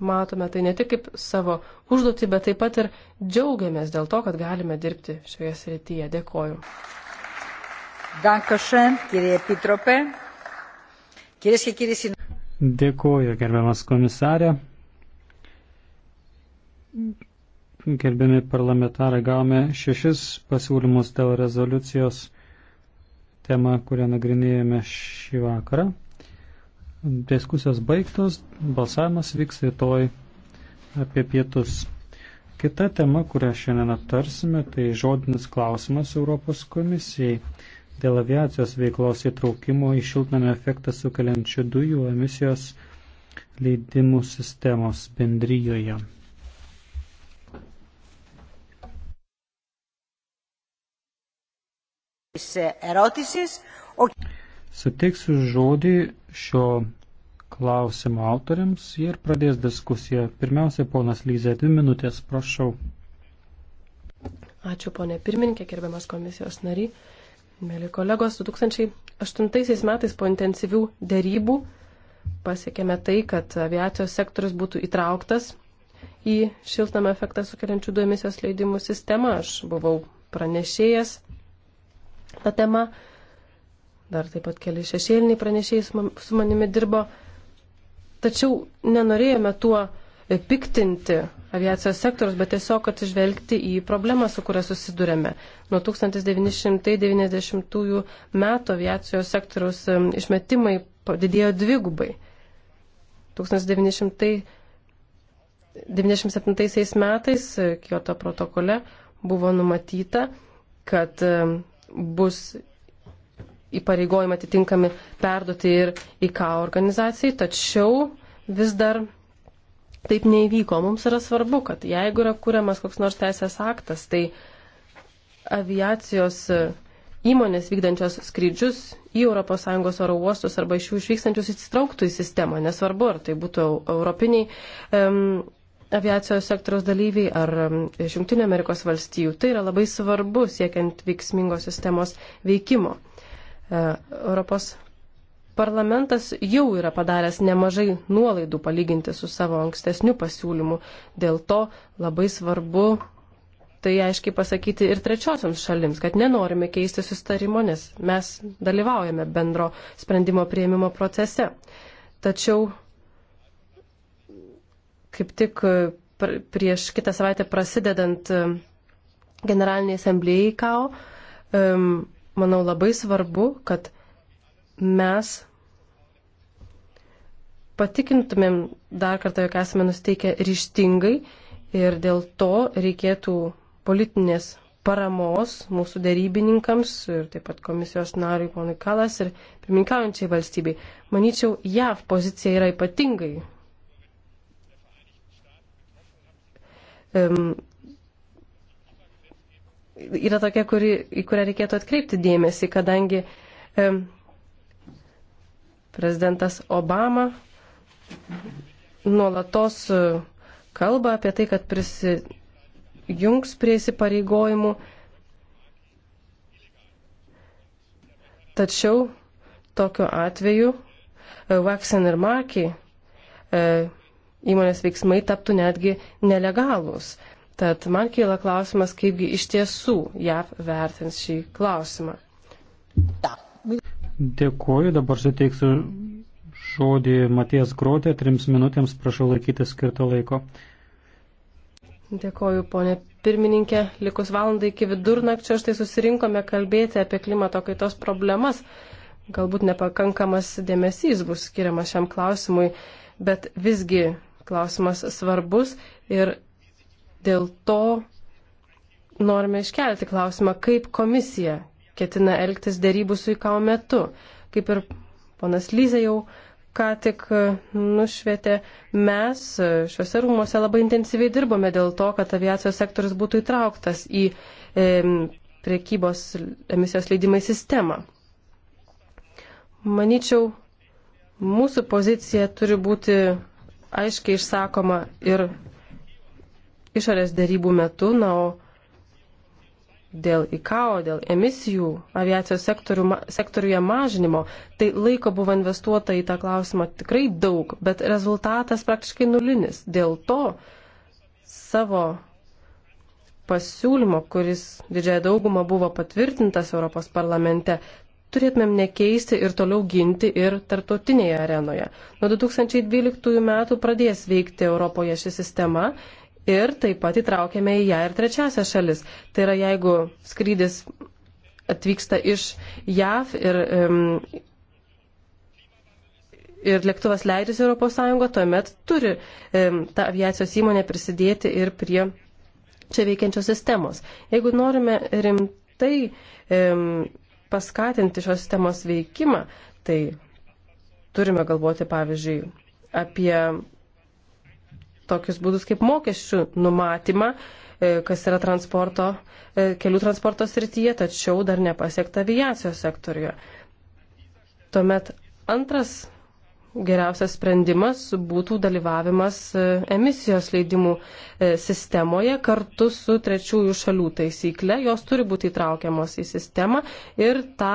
matome tai ne tik kaip savo užduotį, bet taip pat ir džiaugiamės dėl to, kad galime dirbti šioje srityje. Dėkoju. Dėkoju, gerbiamas komisarė. Gerbiami parlamentarai, gavome šešis pasiūlymus dėl rezoliucijos temą, kurią nagrinėjame šį vakarą. Diskusijos baigtos, balsavimas vyks rytoj apie pietus. Kita tema, kurią šiandien aptarsime, tai žodinis klausimas Europos komisijai dėl aviacijos veiklos įtraukimo į šiltnamio efektą sukeliančių dujų emisijos leidimų sistemos bendryjoje. Suteiksiu žodį šio klausimo autoriams ir pradės diskusiją. Pirmiausia, ponas Lyzė, dvi minutės, prašau. Ačiū, ponė pirmininkė, gerbiamas komisijos nariai. Mėly kolegos, 2008 metais po intensyvių dėrybų pasiekėme tai, kad aviacijos sektorius būtų įtrauktas į šiltnamą efektą sukeliančių duomisijos leidimų sistemą. Aš buvau pranešėjęs tą temą dar taip pat keli šešėliniai pranešėjai su manimi dirbo. Tačiau nenorėjome tuo e, piktinti aviacijos sektorius, bet tiesiog atsižvelgti į problemą, su kuria susidurėme. Nuo 1990 metų aviacijos sektoriaus išmetimai padidėjo dvigubai. 1997 metais e, Kyoto protokole buvo numatyta, kad bus įpareigojimą atitinkami perduoti ir į ką organizacijai, tačiau vis dar taip neįvyko. Mums yra svarbu, kad jeigu yra kuriamas koks nors teisės aktas, tai aviacijos įmonės vykdančios skrydžius į ES oro uostus arba iš jų išvykstančius įsitrauktų į sistemą, nesvarbu, ar tai būtų europiniai um, aviacijos sektoriaus dalyviai ar iš um, Junktinio Amerikos valstijų. Tai yra labai svarbu siekiant veiksmingos sistemos veikimo. E, Europos parlamentas jau yra padaręs nemažai nuolaidų palyginti su savo ankstesniu pasiūlymu. Dėl to labai svarbu tai aiškiai pasakyti ir trečiosioms šalims, kad nenorime keisti sustarimo, nes mes dalyvaujame bendro sprendimo prieimimo procese. Tačiau kaip tik e, prieš kitą savaitę prasidedant e, Generaliniai asamblėjai KAO, um, manau, labai svarbu, kad mes patikintumėm dar kartą, jog esame nusteikę ryštingai ir dėl to reikėtų politinės paramos mūsų darybininkams ir taip pat komisijos nariui ponui Kalas ir pirmininkaujančiai valstybei. Manyčiau, JAV pozicija yra ypatingai um, yra tokia, kuri, į kurią reikėtų atkreipti dėmesį, kadangi e, prezidentas Obama nuolatos e, kalba apie tai, kad prisijungs prie įsipareigojimų. Tačiau tokiu atveju e, Waxen ir Markiai e, įmonės veiksmai taptų netgi nelegalūs. Tad man kyla klausimas, kaipgi iš tiesų JAV vertins šį klausimą. Dėkuoju, dabar suteiksiu žodį Matijas Grotė, trims minutėms prašau laikyti skirto laiko. Dėkuoju, ponė pirmininkė. Likus valandai iki vidurnakčio štai susirinkome kalbėti apie klimato kaitos problemas. Galbūt nepakankamas dėmesys bus skiriamas šiam klausimui, bet visgi klausimas svarbus ir Dėl to norime iškelti klausimą, kaip komisija ketina elgtis dėrybų su įkau metu. Kaip ir ponas Lyza jau ką tik e, nušvietė, mes e, šiuose rūmose labai intensyviai dirbome dėl to, kad aviacijos sektorius būtų įtrauktas į e, priekybos emisijos leidimai sistemą. Maničiau, mūsų pozicija turi būti aiškiai išsakoma ir išorės dėrybų metu, na, o dėl ICAO, dėl emisijų aviacijos sektorių, sektoriuje mažinimo, tai laiko buvo investuota į tą klausimą tikrai daug, bet rezultatas praktiškai nulinis. Dėl to savo pasiūlymo, kuris didžiąją daugumą buvo patvirtintas Europos parlamente, turėtumėm nekeisti ir toliau ginti ir tartotinėje arenoje. Nuo 2012 metų pradės veikti Europoje ši sistema ir taip pat įtraukėme į ją ir trečiasią šalis. Tai yra, jeigu skrydis atvyksta iš JAV ir, ir lėktuvas leidžiasi Europos Sąjungo, tuomet turi ta aviacijos įmonė prisidėti ir prie čia veikiančios sistemos. Jeigu norime rimtai paskatinti šios sistemos veikimą, tai turime galvoti, pavyzdžiui, apie tokius būdus kaip mokesčių numatymą, e, kas yra transporto, e, kelių transporto srityje, tačiau dar nepasiekta aviacijos sektoriuje. Tuomet antras geriausias sprendimas būtų dalyvavimas e, emisijos leidimų sistemoje kartu su trečiųjų šalių taisykle. Jos turi būti įtraukiamos į sistemą ir tą,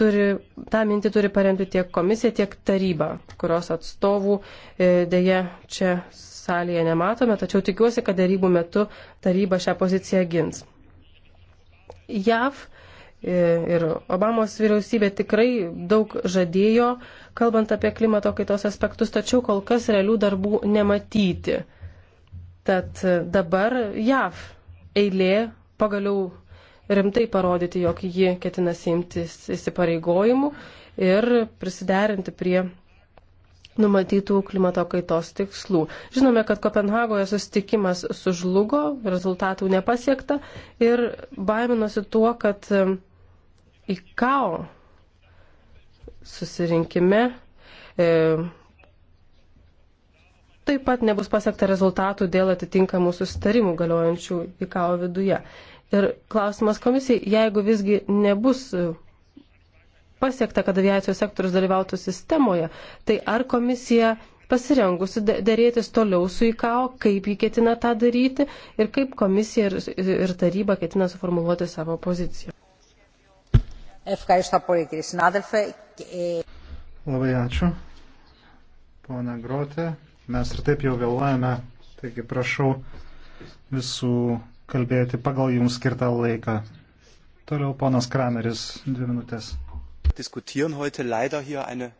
turi, tą mintį turi paremti tiek komisija, tiek taryba, kurios atstovų dėje čia salėje nematome, tačiau tikiuosi, kad darybų metu taryba šią poziciją gins. JAV e, ir Obamos vyriausybė tikrai daug žadėjo, kalbant apie klimato kaitos aspektus, tačiau kol kas realių darbų nematyti. Tad e, dabar JAV eilė pagaliau rimtai parodyti, jog ji ketina simtis įsipareigojimų ir prisiderinti prie numatytų klimato kaitos tikslų. Žinome, kad Kopenhagoje susitikimas sužlugo, rezultatų nepasiekta ir baiminosi tuo, kad ICAO susirinkime e, taip pat nebus pasiekta rezultatų dėl atitinkamų susitarimų galiojančių ICAO viduje. Ir klausimas komisijai, jeigu visgi nebus pasiekta, kad aviacijos sektorius dalyvautų sistemoje, tai ar komisija pasirengusi dėrėtis toliau su IKAO, kaip jį ketina tą daryti ir kaip komisija ir, ir taryba ketina suformuoluoti savo poziciją. Labai ačiū. Pone Grotė, mes ir taip jau vėluojame, taigi prašau visų kalbėti pagal jums skirtą laiką. Toliau ponas Krameris, dvi minutės diskutieren heute leider hier eine.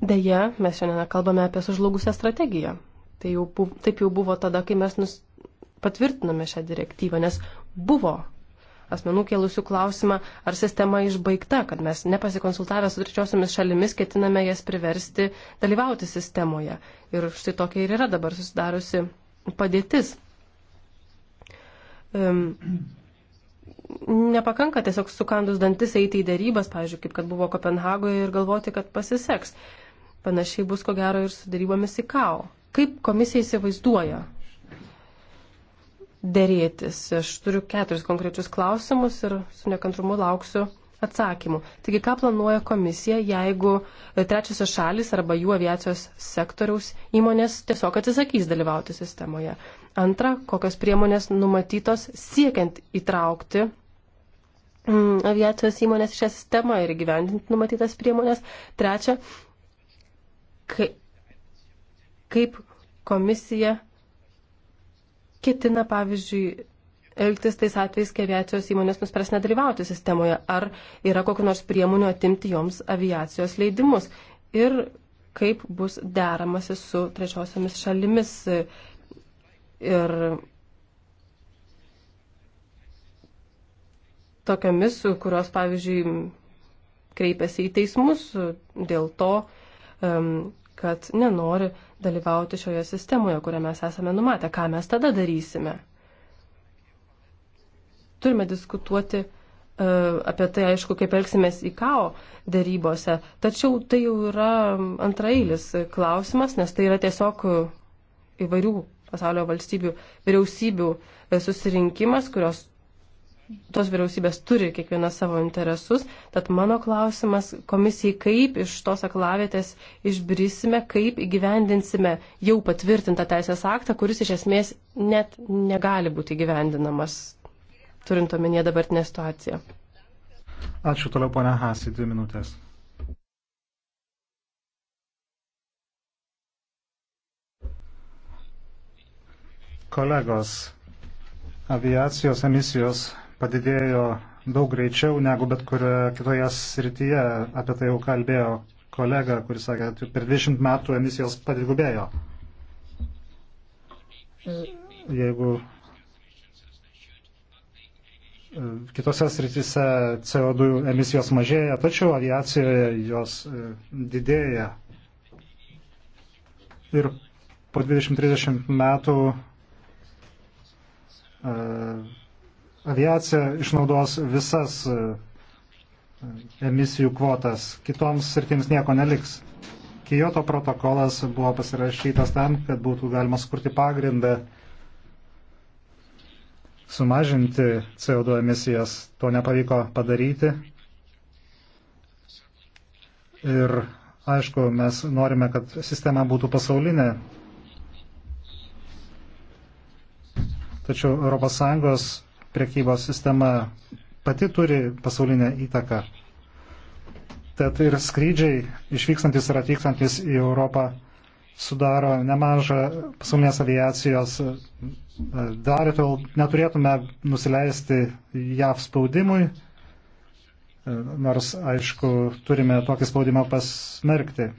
Deja, mes šiandien kalbame apie sužlugusią strategiją. Tai jau, buvo, taip jau buvo tada, kai mes nus, patvirtiname šią direktyvą, nes buvo asmenų kėlusių klausimą, ar sistema išbaigta, kad mes nepasikonsultavę su trečiosiamis šalimis ketiname jas priversti dalyvauti sistemoje. Ir štai tokia ir yra dabar susidariusi padėtis. Um, nepakanka tiesiog sukandus dantis eiti į dėrybas, pavyzdžiui, kaip kad buvo Kopenhagoje ir galvoti, kad pasiseks. Panašiai bus ko gero ir su dėrybomis į KAO. Kaip komisija įsivaizduoja dėrėtis? Aš turiu keturis konkrečius klausimus ir su nekantrumu lauksiu atsakymų. Taigi, ką planuoja komisija, jeigu e, trečiosios šalis arba jų aviacijos sektoriaus įmonės tiesiog atsisakys dalyvauti sistemoje? Antra, kokios priemonės numatytos siekiant įtraukti mm, aviacijos įmonės į šią sistemą ir gyvendinti numatytas priemonės? Trečia, kai, kaip komisija ketina, pavyzdžiui, elgtis tais atvejais, kai aviacijos įmonės nuspręs nedalyvauti sistemoje, ar yra kokiu nors priemonių atimti joms aviacijos leidimus ir kaip bus deramasi su trečiosiamis šalimis. Ir tokiamis, kurios, pavyzdžiui, kreipiasi į teismus dėl to, kad nenori dalyvauti šioje sistemoje, kurią mes esame numatę. Ką mes tada darysime? Turime diskutuoti e, apie tai, aišku, kaip elgsimės į KAO dėrybose. Tačiau tai jau yra antrailis klausimas, nes tai yra tiesiog įvairių pasaulio valstybių vyriausybių e, susirinkimas, kurios tos vyriausybės turi kiekviena savo interesus. Tad mano klausimas komisijai, kaip iš tos aklavietės išbrisime, kaip įgyvendinsime jau patvirtintą teisės aktą, kuris iš esmės net negali būti įgyvendinamas turint omenyje dabartinę situaciją. Ačiū toliau, ponia Hasi, dvi minutės. Kolegos, aviacijos emisijos padidėjo daug greičiau negu bet kurioje kitoje srityje. Apie tai jau kalbėjo kolega, kuris sakė, kad per 20 metų emisijos padvigubėjo. Jeigu kitose sritise CO2 emisijos mažėja, tačiau aviacijoje jos e, didėja. Ir po 20-30 metų e, aviacija išnaudos visas e, emisijų kvotas, kitoms sritims nieko neliks. Kijoto protokolas buvo pasirašytas tam, kad būtų galima skurti pagrindą sumažinti CO2 emisijas. To nepavyko padaryti. Ir aišku, mes norime, kad sistema būtų pasaulinė. Tačiau ES priekybos sistema pati turi pasaulinę įtaką. Tad ir skrydžiai išvykstantis ir atvykstantis į Europą sudaro nemažą pasaulinės aviacijos e, dalį, todėl neturėtume nusileisti JAV spaudimui, e, nors, aišku, turime tokį spaudimą pasmerkti.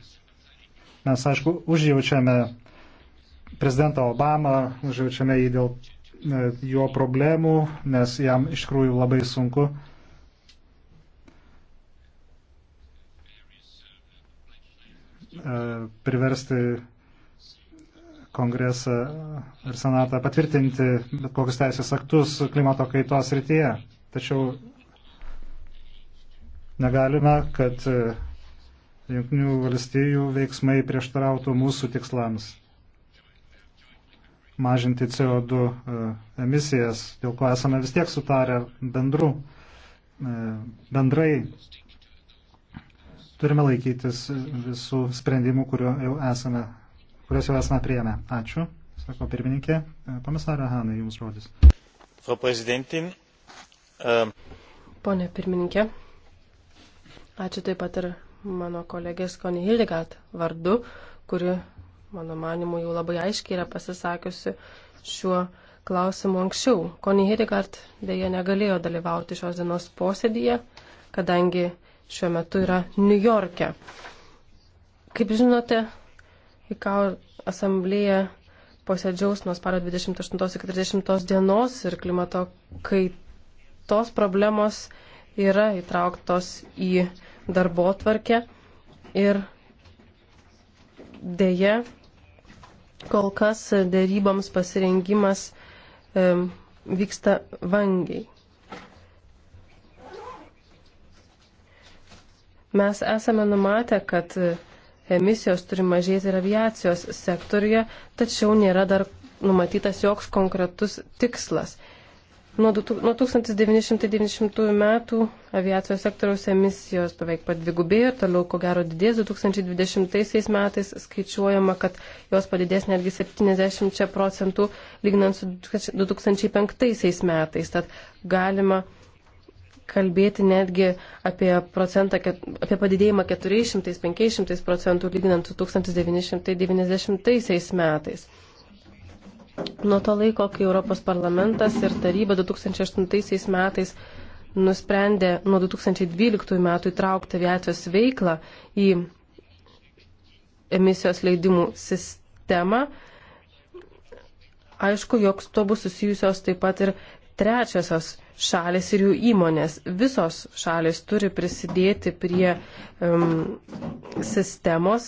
Mes, aišku, užjaučiame prezidentą Obamą, užjaučiame jį dėl e, jo problemų, nes jam iš tikrųjų labai sunku E, priversti kongresą ir senatą patvirtinti bet kokius teisės aktus klimato kaitos rytyje. Tačiau negalime, kad e, jungtinių valstybių veiksmai prieštarautų mūsų tikslams mažinti CO2 e, emisijas, dėl ko esame vis tiek sutarę bendru, bendrai turime laikytis visų sprendimų, jau esame, kuriuos jau esame prieėmę. Ačiū, sako pirmininkė. Komisarė Hanai, jums žodis. Frau Prezidentin. Um... Ähm, Pone pirmininkė, ačiū taip pat ir mano kolegės Koni Hildegard vardu, kuri, mano manimu, jau labai aiškiai yra pasisakiusi šiuo klausimu anksčiau. Koni Hildegard dėja negalėjo dalyvauti šios dienos posėdyje, kadangi šiuo metu yra New York'e. Kaip žinote, ICAO asamblėje posėdžiaus nuo spalio 28 iki 30 dienos ir klimato kaitos problemos yra įtrauktos į darbo tvarkę ir dėje kol kas dėryboms pasirengimas um, vyksta vangiai. Mes esame numatę, kad emisijos turi mažėti ir aviacijos sektorija, tačiau nėra dar numatytas joks konkretus tikslas. Nuo 1990 metų aviacijos sektoriaus emisijos beveik padvigubėjo ir toliau, ko gero, didės. 2020 metais skaičiuojama, kad jos padidės netgi 70 procentų lygnant su 2005 metais. Tad galima kalbėti netgi apie, procentą, apie padidėjimą 400-500 procentų lyginant su 1990 metais. Nuo to laiko, kai Europos parlamentas ir taryba 2008 metais nusprendė nuo 2012 metų įtraukti aviacijos veiklą į emisijos leidimų sistemą, aišku, jog su to bus susijusios taip pat ir trečiosios šalis ir jų įmonės. Visos šalis turi prisidėti prie um, sistemos,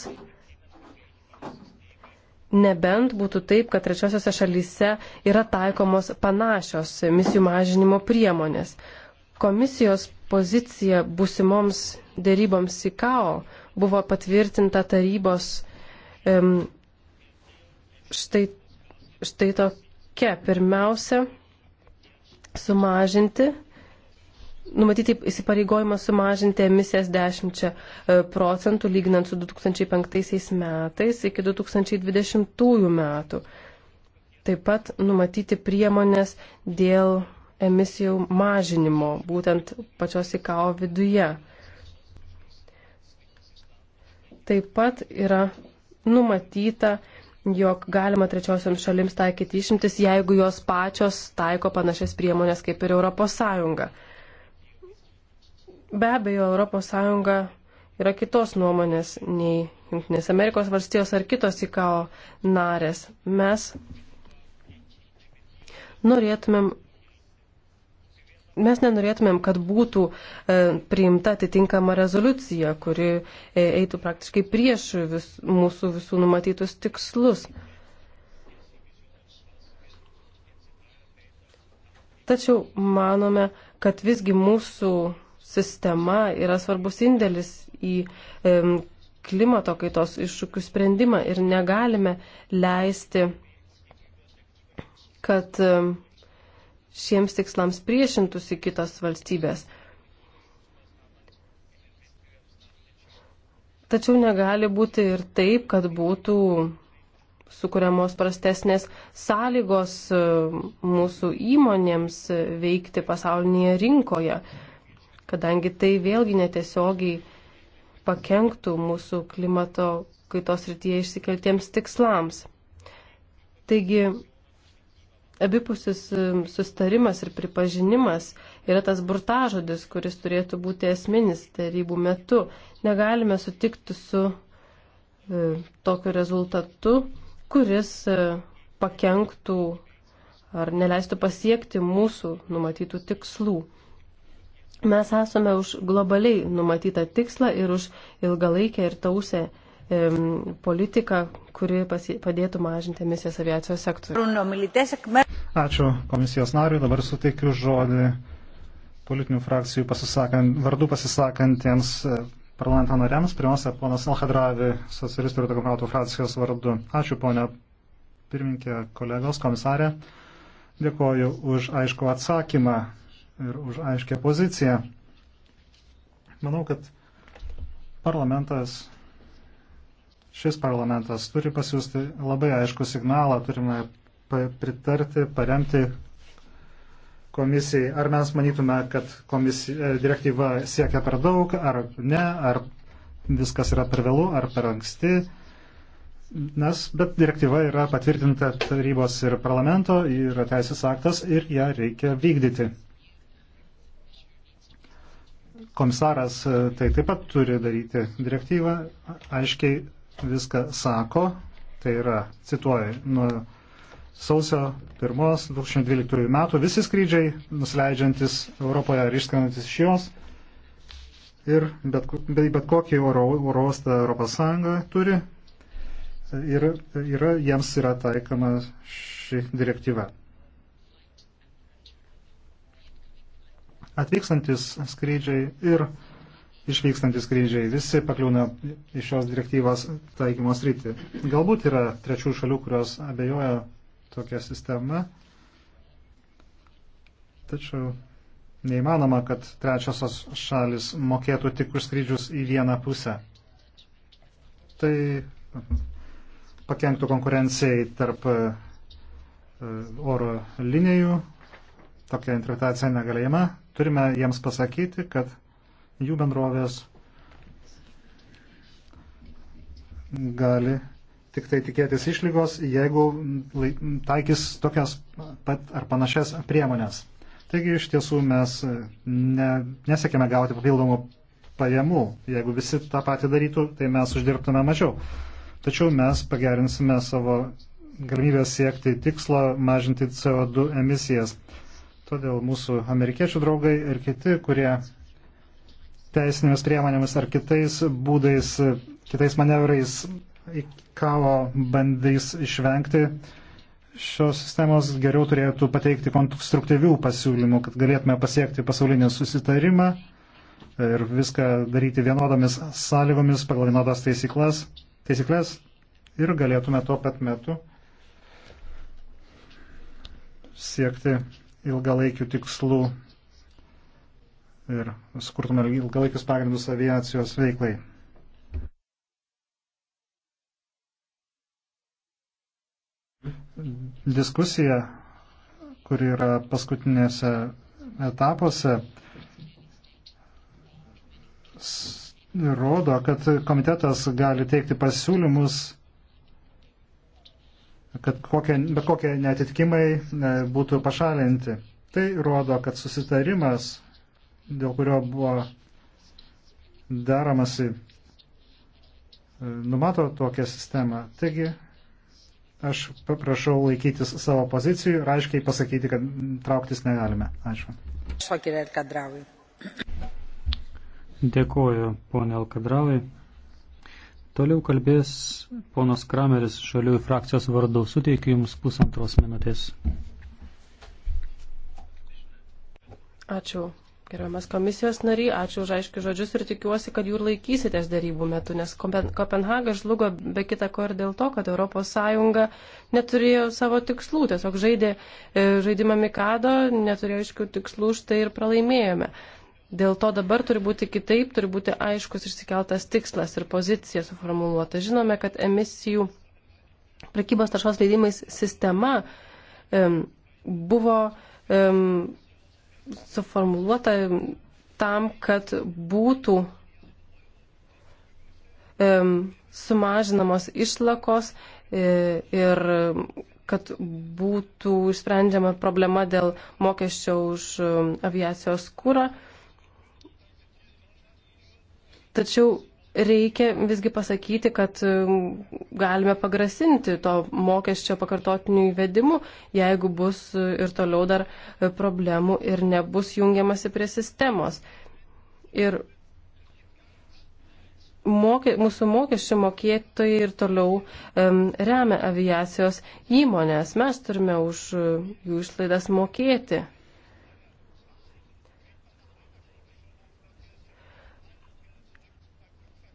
nebent būtų taip, kad trečiosiose šalyse yra taikomos panašios emisijų mažinimo priemonės. Komisijos pozicija busimoms dėryboms ICAO buvo patvirtinta tarybos um, štai, štai tokia. Pirmiausia, sumažinti, numatyti įsipareigojimą sumažinti emisijas 10 e, procentų lyginant su 2005 metais iki 2020 metų. Taip pat numatyti priemonės dėl emisijų mažinimo, būtent pačios IKO viduje. Taip pat yra numatyta jog galima trečiosiams šalims taikyti išimtis, jeigu jos pačios taiko panašias priemonės kaip ir ES. Be abejo, ES yra kitos nuomonės nei Junktinės Amerikos valstijos ar kitos IKO narės. Mes norėtumėm Mes nenorėtumėm, kad būtų e, priimta atitinkama rezoliucija, kuri e, eitų praktiškai prieš vis, mūsų visų numatytus tikslus. Tačiau manome, kad visgi mūsų sistema yra svarbus indėlis į e, klimato kaitos iššūkių sprendimą ir negalime leisti, kad e, šiems tikslams priešintųsi kitos valstybės. Tačiau negali būti ir taip, kad būtų sukūriamos prastesnės sąlygos e, mūsų įmonėms veikti pasaulinėje rinkoje, kadangi tai vėlgi netiesiogiai pakenktų mūsų klimato kaitos rytyje išsikeltiems tikslams. Taigi abipusis um, sustarimas ir pripažinimas yra tas burtažodis, kuris turėtų būti esminis tarybų metu. Negalime sutikti su e, tokiu rezultatu, kuris e, pakenktų ar neleistų pasiekti mūsų numatytų tikslų. Mes esame už globaliai numatytą tikslą ir už ilgalaikę ir tausę politiką, kuri padėtų mažinti emisijas aviacijos sektoriuje. Ačiū komisijos nariui. Dabar suteikiu žodį politinių frakcijų pasisakant, vardų pasisakantiems e, parlamento nariams. Pirmiausia, ponas Alhadravi, socialistų ir demokratų frakcijos vardu. Ačiū, ponia pirmininkė, kolegos, komisarė. Dėkoju už aišku atsakymą ir už aiškę poziciją. Manau, kad parlamentas Šis parlamentas turi pasiūsti labai aišku signalą, turime pritarti, paremti komisijai. Ar mes manytume, kad komisija, e, direktyva siekia per daug, ar ne, ar viskas yra per vėlų, ar per anksti. Nes, bet direktyva yra patvirtinta tarybos ir parlamento, yra teisės aktas ir ją reikia vykdyti. Komisaras e, tai taip pat turi daryti direktyvą, aiškiai viską sako, tai yra, cituoju, nuo sausio 1-2012 metų visi skrydžiai nusileidžiantis Europoje ir išskrendantis iš jos ir bet, bet, bet kokį oro, oro uostą ES turi ir yra, jiems yra taikama ši direktyva. Atvykstantis skrydžiai ir išvykstantis skrydžiai, visi pakliūna iš šios direktyvos taikymos rytį. Galbūt yra trečių šalių, kurios abejoja tokia sistema, tačiau neįmanoma, kad trečiosios šalis mokėtų tik už skrydžius į vieną pusę. Tai pakenktų konkurencijai tarp e, oro linijų, tokia interpretacija negalėjama. Turime jiems pasakyti, kad jų bendrovės gali tik tai tikėtis išlygos, jeigu taikys tokias pat ar panašias priemonės. Taigi iš tiesų mes e, ne, nesiekime gauti papildomų pajamų. Jeigu visi tą patį darytų, tai mes uždirbtume mažiau. Tačiau mes pagerinsime savo galimybę siekti tikslo mažinti CO2 emisijas. Todėl mūsų amerikiečių draugai ir kiti, kurie teisinėmis priemonėmis ar kitais būdais, kitais manevrais kavo bandys išvengti šios sistemos, geriau turėtų pateikti konstruktyvių pasiūlymų, kad galėtume pasiekti pasaulinį susitarimą ir viską daryti vienodomis sąlygomis pagal vienodas taisyklės, taisyklės ir galėtume tuo pat metu siekti ilgalaikių tikslų ir skurtume ilgalaikius pagrindus aviacijos veiklai. Diskusija, kuri yra paskutinėse etapuose, rodo, kad komitetas gali teikti pasiūlymus kad kokie, bet kokie netitikimai e, būtų pašalinti. Tai rodo, kad susitarimas dėl kurio buvo daromasi, e, numato tokią sistemą. Taigi, aš paprašau laikytis savo pozicijų ir aiškiai pasakyti, kad trauktis negalime. Ačiū. Dėkuoju, ponė Alkadravai. Toliau kalbės ponas Krameris žaliųjų frakcijos vardu. Suteikiu Jums pusantros minutės. Ačiū, Gerbiamas komisijos nariai, ačiū už aiškius žodžius ir tikiuosi, kad jų ir laikysitės darybų metu, nes Kopenhaga žlugo be kita ko ir dėl to, kad ES neturėjo savo tikslų, tiesiog žaidė e, žaidimą Mikado, neturėjo aiškių tikslų, štai ir pralaimėjome. Dėl to dabar turi būti kitaip, turi būti aiškus išsikeltas tikslas ir pozicija suformuoluota. Žinome, kad emisijų prekybos taršos leidimais sistema um, buvo um, suformuluota tam, kad būtų um, sumažinamos išlakos e, ir kad būtų išsprendžiama problema dėl mokesčio už aviacijos kūrą. Tačiau reikia visgi pasakyti, kad um, galime pagrasinti to mokesčio pakartotiniu įvedimu, jeigu bus uh, ir toliau dar uh, problemų ir nebus jungiamasi prie sistemos. Ir mokė, mūsų mokesčių mokėtojai ir toliau um, remia aviacijos įmonės. Mes turime už uh, jų išlaidas mokėti.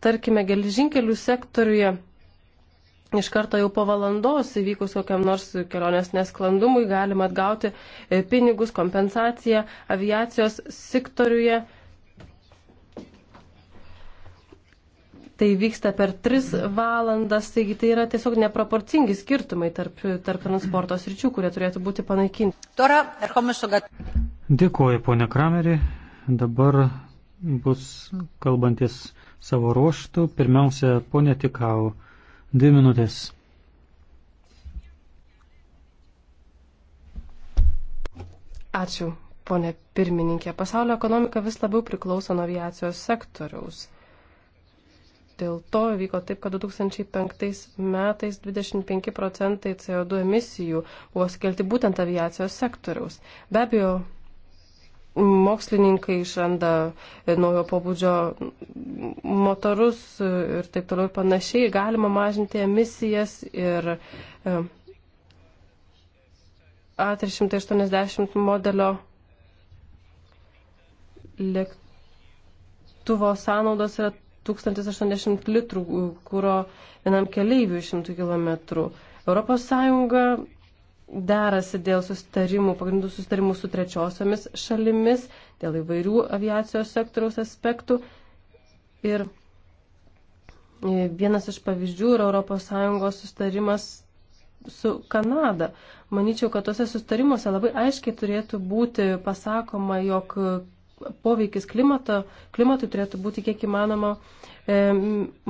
Tarkime, gelžinkelių sektoriuje iš karto jau po valandos įvykus kokiam nors kelionės nesklandumui galima atgauti e, pinigus, kompensaciją aviacijos sektoriuje. Tai vyksta per tris valandas, taigi tai yra tiesiog neproporcingi skirtumai tarp, tarp transporto sričių, kurie turėtų būti panaikinti. Dėkuoju, ponė Kramerį. Dabar bus kalbantis savo ruoštų. Pirmiausia, ponė Tikau, dvi minutės. Ačiū, ponė pirmininkė. Pasaulio ekonomika vis labiau priklauso nuo aviacijos sektoriaus. Dėl to vyko taip, kad 2005 metais 25 procentai CO2 emisijų buvo skelti būtent aviacijos sektoriaus. Be abejo, mokslininkai išranda naujo pobūdžio motorus ir taip toliau ir panašiai, galima mažinti emisijas ir e, A380 modelio lėktuvo sąnaudos yra 1080 litrų kūro vienam keleiviui 100 km. Europos Sąjunga derasi dėl sustarimų, pagrindų sustarimų su trečiosiomis šalimis, dėl įvairių aviacijos sektoriaus aspektų. Ir e, vienas iš pavyzdžių yra ES sustarimas su Kanada. Manyčiau, kad tose sustarimuose labai aiškiai turėtų būti pasakoma, jog poveikis klimato, klimatui turėtų būti kiek įmanoma e,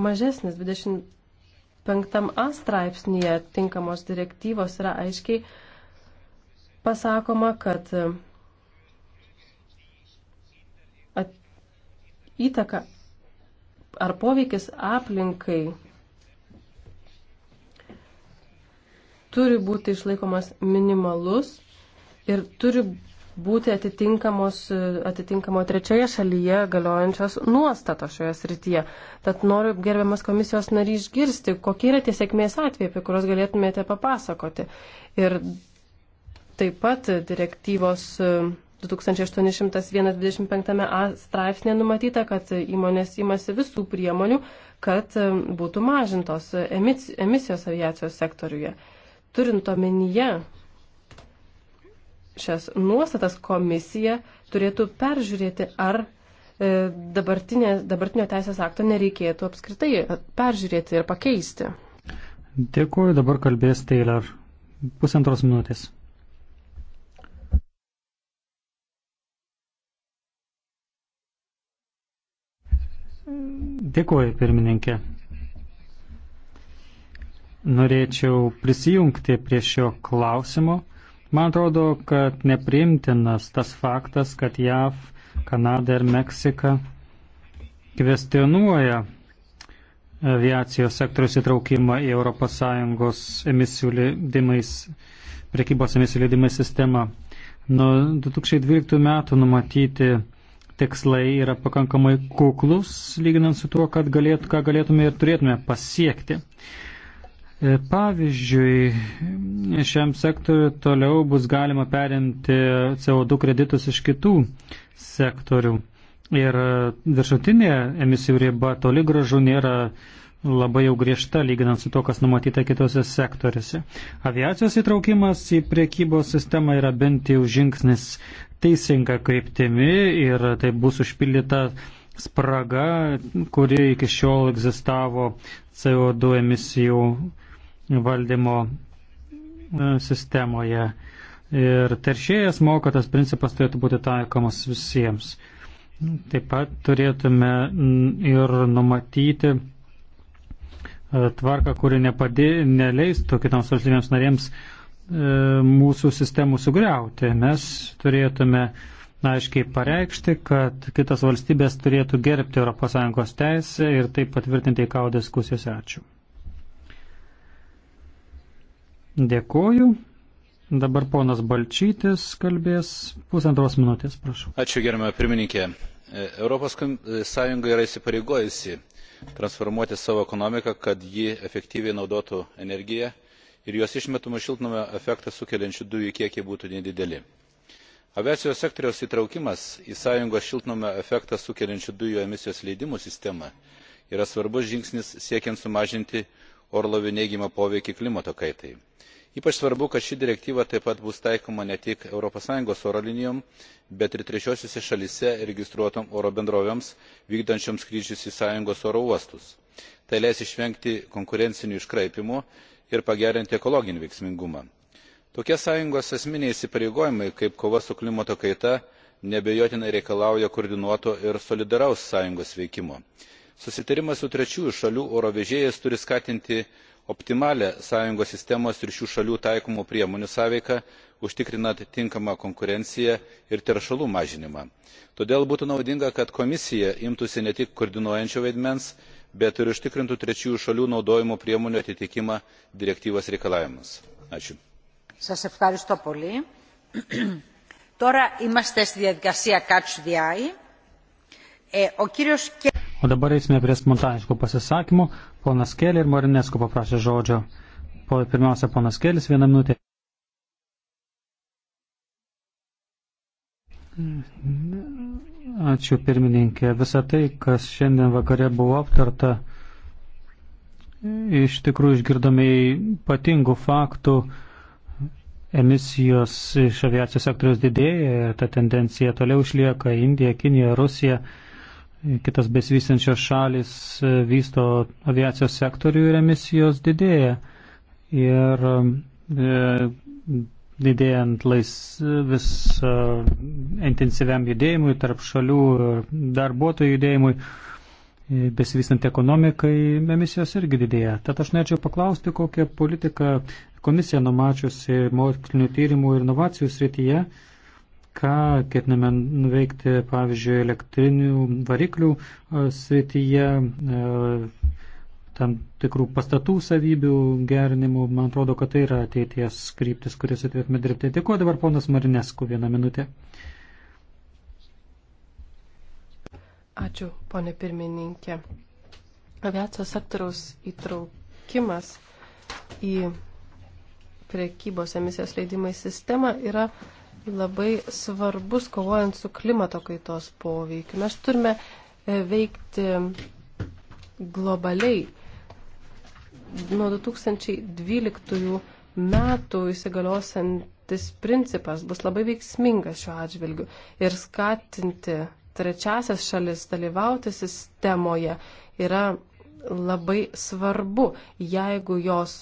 mažesnis. 20 penktam A straipsnėje tinkamos direktyvos yra aiškiai pasakoma, kad įtaka ar poveikis aplinkai turi būti išlaikomas minimalus ir turi būti atitinkamo trečioje šalyje galiojančios nuostatos šioje srityje. Tad noriu, gerbiamas komisijos narys, išgirsti, kokie yra tie sėkmės atvejai, apie kuriuos galėtumėte papasakoti. Ir taip pat direktyvos 2801-25a e, straipsnė numatyta, kad įmonės imasi visų priemonių, kad e, būtų mažintos emisijos aviacijos sektoriuje. Turint omenyje šias nuostatas komisija turėtų peržiūrėti, ar e, dabartinio teisės akto nereikėtų apskritai peržiūrėti ir pakeisti. Dėkuoju, dabar kalbės Taylor. Pusantros minutės. Dėkuoju, pirmininkė. Norėčiau prisijungti prie šio klausimo Man atrodo, kad nepriimtinas tas faktas, kad JAV, Kanada ir Meksika kvestionuoja aviacijos sektoriaus įtraukimą į ES emisijų leidimais, prekybos emisijų leidimais sistemą. Nuo 2012 metų numatyti tikslai yra pakankamai kuklus, lyginant su tuo, kad galėt, ką galėtume ir turėtume pasiekti. E, pavyzdžiui, šiam sektoriu toliau bus galima perimti CO2 kreditus iš kitų sektorių. Ir viršutinė emisijų riba toli gražu nėra labai jau griežta lyginant su to, kas numatyta kitose sektoriuose. Aviacijos įtraukimas į priekybos sistemą yra bent jau žingsnis teisinga kryptimi ir tai bus užpildyta spraga, kuri iki šiol egzistavo CO2 emisijų valdymo e, sistemoje. Ir teršėjas moka, tas principas turėtų būti taikomas visiems. Taip pat turėtume mm, ir numatyti e, tvarką, kuri nepadė, neleistų kitams valstybėms narėms e, mūsų sistemų sugriauti. Mes turėtume aiškiai pareikšti, kad kitos valstybės turėtų gerbti ES teisę ir tai patvirtinti į kau diskusijose. Ačiū. Dėkuoju. Dabar ponas Balčytis kalbės pusantros minutės, prašau. Ačiū gerbiamą pirmininkę. Europos Sąjunga yra įsipareigojusi transformuoti savo ekonomiką, kad ji efektyviai naudotų energiją ir jos išmetamų šiltnamio efektą sukeliančių dujų kiekiai būtų nedideli. Aviacijos sektoriaus įtraukimas į Sąjungos šiltnamio efektą sukeliančių dujų emisijos leidimų sistemą yra svarbus žingsnis siekiant sumažinti orlaivių neigiamą poveikį klimato kaitai. ypač svarbu kad ši direktyva taip pat bus taikoma ne tik europos sąjungos oro linijoms bet ir trečiosiose šalyse registruotoms oro bendrovėms vykdančioms skrydžius į sąjungos oro uostus. tai leis išvengti konkurencinių iškraipymų ir pagerinti ekologinį veiksmingumą. tokie sąjungos esminiai įsipareigojimai kaip kova su klimato kaita neabejotinai reikalauja koordinuoto ir solidaraus sąjungos veikimo susitarimas su trečiųjų šalių oro vežėjais turi skatinti optimalią sąjungos sistemos ir šių šalių taikomų priemonių sąveiką užtikrinant tinkamą konkurenciją ir teršalų mažinimą. todėl būtų naudinga kad komisija imtųsi ne tik koordinuojančio vaidmens bet ir užtikrintų trečiųjų šalių naudojamų priemonių atitikimą direktyvos reikalavimams. ačiū. Σας ευχαριστώ πολύ. Τώρα είμαστε στη διαδικασία Catch the Eye. Ε, ο κύριος O dabar eisime prie spontaniškų pasisakymų. Ponas Kelė ir Marinesko paprašė žodžio. Po, pirmiausia, ponas Kelis, vieną minutę. Ačiū pirmininkė. Visą tai, kas šiandien vakare buvo aptarta, iš tikrųjų išgirdome ypatingų faktų. Emisijos iš aviacijos sektoriaus didėja ir ta tendencija toliau išlieka Indija, Kinija, Rusija kitas besivystančios šalis e, vysto aviacijos sektorių ir emisijos didėja. Ir e, didėjant lais vis e, intensyviam judėjimui tarp šalių ir darbuotojų judėjimui, e, besivystant ekonomikai, emisijos irgi didėja. Tad aš norėčiau paklausti, kokią politiką komisija numačiusi mokslinio tyrimų ir inovacijų srityje ką ketiname nuveikti, pavyzdžiui, elektrinių variklių e, srityje, e, tam tikrų pastatų savybių gerinimų. Man atrodo, kad tai yra ateities kryptis, kuris turėtume dirbti. Dėkuoju dabar ponas Marinesku vieną minutę. Ačiū, ponė pirmininkė. Aviacijos sektoriaus įtraukimas į prekybos emisijos leidimai sistemą yra labai svarbus kovojant su klimato kaitos poveikiu. Mes turime e, veikti globaliai. Nuo 2012 metų įsigaliosiantis principas bus labai veiksmingas šiuo atžvilgiu ir skatinti trečiasias šalis dalyvauti sistemoje yra labai svarbu, jeigu jos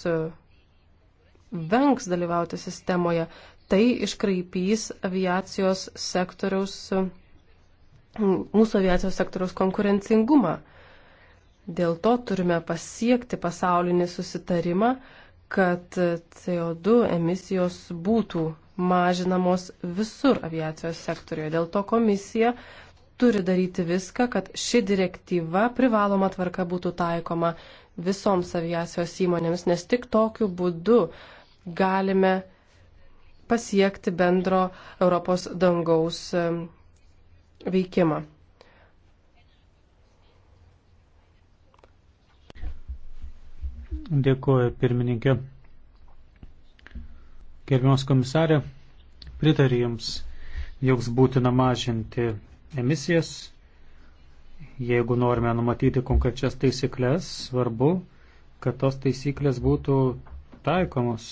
vengs dalyvauti sistemoje, tai iškraipys aviacijos sektoriaus, mūsų aviacijos sektoriaus konkurencingumą. Dėl to turime pasiekti pasaulinį susitarimą, kad CO2 emisijos būtų mažinamos visur aviacijos sektorijoje. Dėl to komisija turi daryti viską, kad ši direktyva privaloma tvarka būtų taikoma visoms aviacijos įmonėms, nes tik tokiu būdu galime pasiekti bendro Europos dangaus veikimą. Dėkuoju, pirmininkė. Gerbiamas komisarė, pritariu Jums, joks būtina mažinti emisijas. Jeigu norime numatyti konkrečias taisyklės, svarbu, kad tos taisyklės būtų taikomos.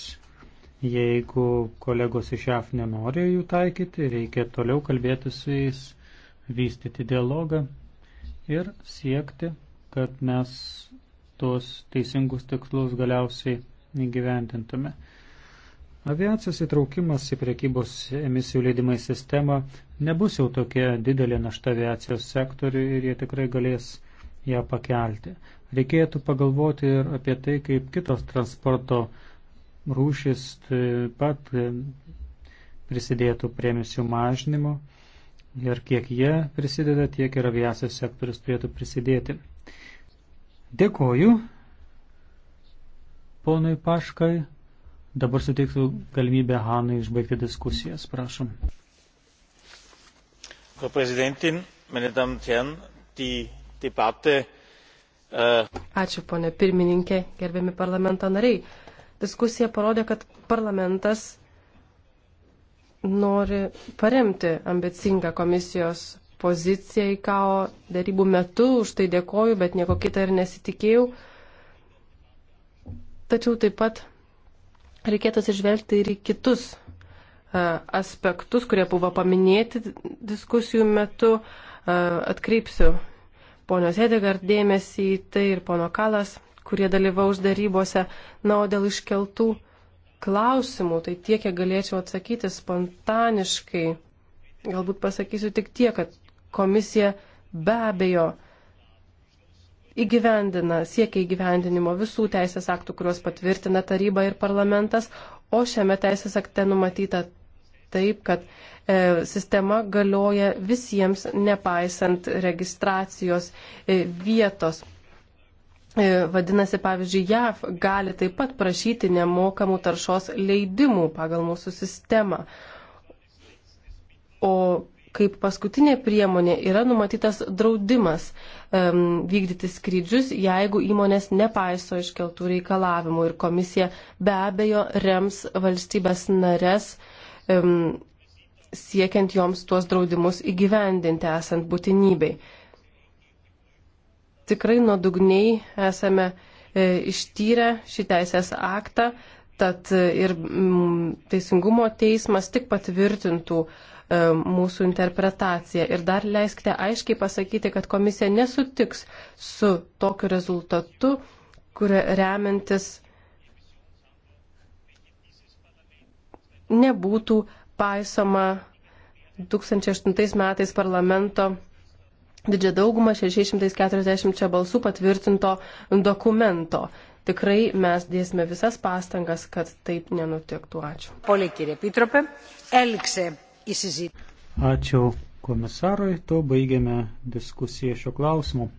Jeigu kolegos iš JAF nenori jų taikyti, reikia toliau kalbėti su jais, vystyti dialogą ir siekti, kad mes tuos teisingus tikslus galiausiai įgyventintume. Aviacijos įtraukimas į priekybos emisijų leidimai sistemą nebus jau tokia didelė našta aviacijos sektoriui ir jie tikrai galės ją pakelti. Reikėtų pagalvoti ir apie tai, kaip kitos transporto rūšis taip pat prisidėtų prie emisijų mažinimo ir kiek jie prisideda, tiek ir aviacijos sektorius turėtų prisidėti. Dėkoju ponui Paškai. Dabar suteiksiu galimybę Hanui išbaigti diskusijas. Prašom. Frau Präsidentin, meine Damen und Herren, die Debatte. Uh... Ačiū, ponė pirmininkė, gerbiami parlamento nariai diskusija parodė, kad parlamentas nori paremti ambicingą komisijos poziciją į KAO darybų metu, už tai dėkoju, bet nieko kitą ir nesitikėjau. Tačiau taip pat reikėtų atsižvelgti ir į kitus e, aspektus, kurie buvo paminėti diskusijų metu. E, atkreipsiu ponios Edegard dėmesį į tai ir pono Kalas kurie dalyvaus darybose. Na, o dėl iškeltų klausimų, tai tiek, kiek galėčiau atsakyti spontaniškai. Galbūt pasakysiu tik tiek, kad komisija be abejo įgyvendina, siekia įgyvendinimo visų teisės aktų, kuriuos patvirtina taryba ir parlamentas, o šiame teisės akte numatyta taip, kad e, sistema galioja visiems, nepaisant registracijos e, vietos. E, vadinasi, pavyzdžiui, JAV gali taip pat prašyti nemokamų taršos leidimų pagal mūsų sistemą. O kaip paskutinė priemonė yra numatytas draudimas um, vykdyti skrydžius, jeigu įmonės nepaiso iškeltų reikalavimų ir komisija be abejo rems valstybės nares um, siekiant joms tuos draudimus įgyvendinti esant būtinybei. Uh, tikrai nuodugniai esame e, ištyrę šį teisės aktą, tad e, ir mm, Teisingumo teismas tik patvirtintų e, mūsų interpretaciją. Ir dar leiskite aiškiai pasakyti, kad komisija nesutiks su tokiu rezultatu, kuria remiantis nebūtų paisoma 2008 metais parlamento didžią daugumą 640 balsų patvirtinto dokumento. Tikrai mes dėsime visas pastangas, kad taip nenutiktų. Ačiū. Ačiū komisarui, to baigiame diskusiją šio klausimu.